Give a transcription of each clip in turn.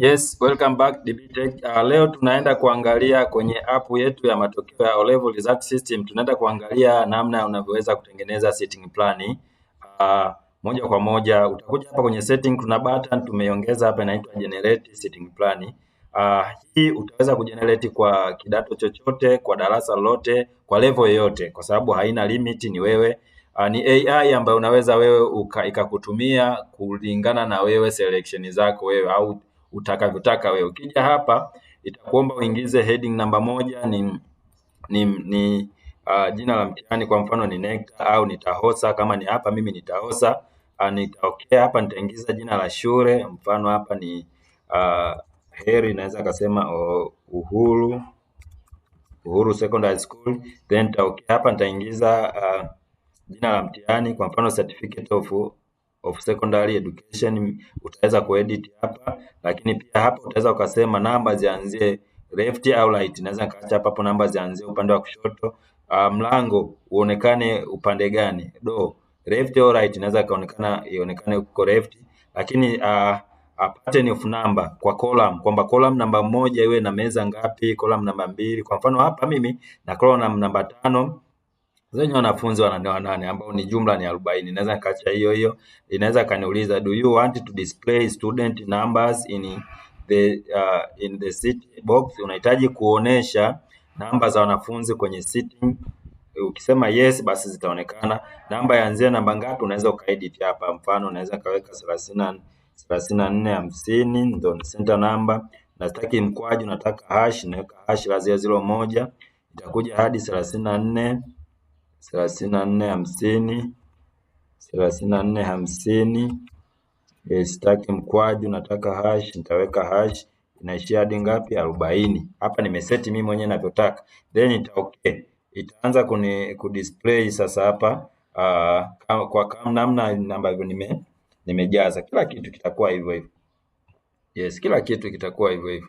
Yes, welcome back DBTech. Uh, ah, leo tunaenda kuangalia kwenye app yetu ya matokeo ya O-level result system, tunaenda kuangalia namna unavyoweza kutengeneza setting plan. Uh, moja kwa moja utakuja hapa kwenye setting, kuna button tumeiongeza hapa inaitwa generate setting plan. Uh, hii utaweza kujenerate kwa kidato chochote, kwa darasa lolote, kwa level yoyote, kwa sababu haina limit, ni wewe Uh, ni AI ambayo unaweza wewe ikakutumia kulingana na wewe selection zako wewe au utakavyotaka wewe. Ukija hapa itakuomba uingize heading namba moja ni, ni, ni uh, jina la mtihani kwa mfano ni NECTA au nitahosa. Kama ni hapa mimi nitahosa uh, nitaokea hapa nitaingiza jina la shule, mfano hapa ni uh, Heri, naweza kasema uh, Uhuru Uhuru Secondary School, then nitaokea hapa nitaingiza uh, jina la mtihani kwa mfano certificate of of secondary education utaweza kuedit hapa, lakini pia hapa utaweza ukasema namba zianzie left au right. Naweza kaacha hapa, hapo namba zianzie upande wa kushoto. Uh, mlango uonekane upande gani? Do left au right, Naweza kaonekana ionekane uko left, lakini uh, ah, a pattern of number kwa column kwamba column namba moja iwe na meza ngapi, column namba mbili. Kwa mfano hapa mimi na column namba tano Zenye wanafunzi wana nane ambao ni jumla ni 40. Naweza kacha hiyo hiyo. Inaweza kaniuliza do you want to display student numbers in the uh, in the seat box? Unahitaji kuonesha namba za wanafunzi kwenye sitting. Ukisema yes, basi zitaonekana. Namba yaanzia namba ngapi? Unaweza ukaedit hapa, mfano unaweza kaweka thelathini na nne hamsini ndio center number. Nasitaki mkwaju, nataka hash, naweka hash la zero moja, itakuja hadi thelathini thelathini na nne hamsini thelathini na nne hamsini eh, sitaki mkwaju, nataka hash, nitaweka hash inaishia hadi ngapi? arobaini. Hapa nimeseti mimi mwenyewe ninavyotaka, then ita okay, itaanza kuni kudisplay sasa hapa uh, kwa kama namna ambavyo nime nimejaza kila kitu kitakuwa hivyo hivyo. Yes, kila kitu kitakuwa hivyo hivyo.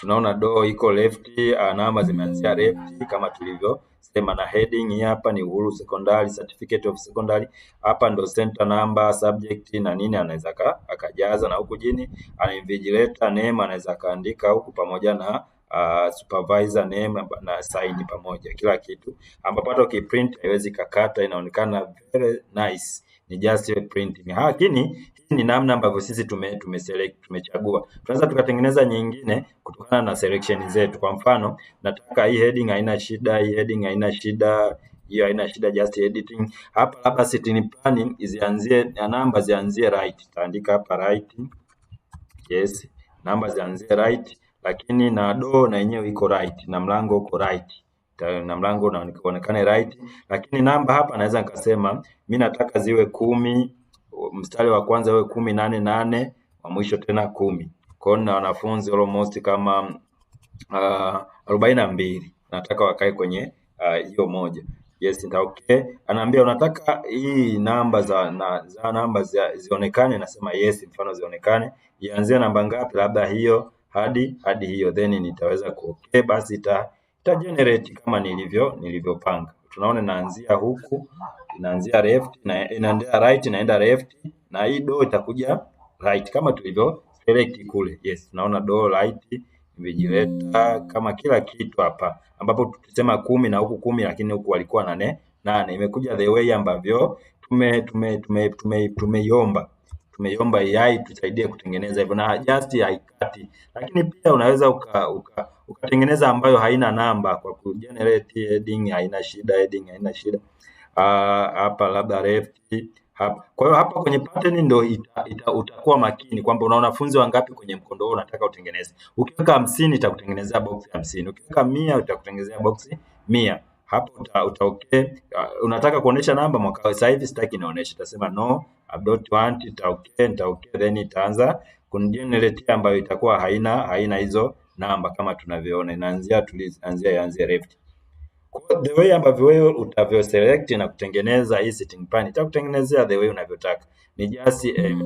Tunaona do iko left alama ah, zimeanzia left kama tulivyosema na heading hii hapa ni Uhuru Secondary, Certificate of Secondary. Hapa ndo center number, subject na nini anaweza akajaza, na huku chini ana invigilator name anaweza akaandika huku pamoja na Uh, supervisor name na sign pamoja kila kitu, ambapo hata ukiprint haiwezi kakata, inaonekana very nice, ni just print lakini ni namna ambavyo sisi tume, tume select, tumechagua. Tunaweza tukatengeneza nyingine kutokana na selection zetu. Kwa mfano, nataka hii heading haina shida, hii heading haina shida, hiyo haina shida, just editing. Hapa hapa sitini planning zianzie namba zianzie right. Taandika hapa right. Yes, namba zianzie right, lakini na do na yenyewe iko right na mlango uko right na mlango unaonekana right, lakini namba hapa naweza nikasema mimi nataka ziwe kumi mstari wa kwanza wewe kumi nane nane wa mwisho tena kumi. kwao hiyo na wanafunzi almost kama uh, arobaini uh, na mbili nataka wakae kwenye uh, hiyo uh, moja yes okay. Anaambia unataka hii namba za na, za namba za, zionekane, nasema yes, mfano zionekane, ianzie namba ngapi, labda hiyo hadi hadi hiyo, then nitaweza ku okay, basi ita, ita generate kama nilivyo nilivyopanga tunaona inaanzia huku, inaanzia left, inaendea right, inaenda left na hii do itakuja right kama tulivyo select kule. Yes, tunaona do right imejileta kama kila kitu hapa, ambapo tutasema kumi na huku kumi, lakini huku walikuwa nane nane. Imekuja the way ambavyo tume tume tume tume tumeiomba tumeiomba AI tusaidie kutengeneza hivyo, na just haikati, lakini pia unaweza uka, uka Ukatengeneza ambayo haina namba kwa ku generate heading haina shida, heading haina shida. Ah, hapa labda left hapa. Kwa hiyo hapa kwenye pattern ndio ita, ita, utakuwa makini kwamba una wanafunzi wangapi kwenye mkondo huo unataka utengeneze. Ukiweka 50 itakutengenezea box 50. Ukiweka 100 itakutengenezea box 100. Hapo uta, uta okay. Uh, unataka kuonesha namba mwaka sasa hivi sitaki inaonesha. Utasema no, I don't want, it. okay, ita okay then itaanza kunigenerate ambayo itakuwa haina haina hizo namba kama tunavyoona inaanzia tulianzia yaanzia left. Kwa the way ambavyo wewe utavyo select na kutengeneza hii sitting pan itakutengenezea the way unavyotaka. Ni just eh,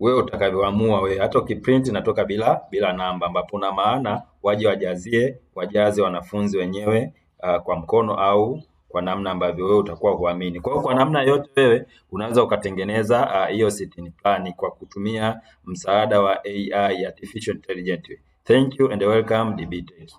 wewe utakavyoamua wewe. Hata ukiprint inatoka bila bila namba, ambapo una maana waje wajazie wajaze wanafunzi wenyewe uh, kwa mkono au kwa namna ambavyo wewe utakuwa huamini. Kwa hiyo kwa namna yote wewe unaweza ukatengeneza ah, hiyo uh, sitini plani kwa kutumia msaada wa AI, artificial intelligence. Thank you and welcome DB Tech.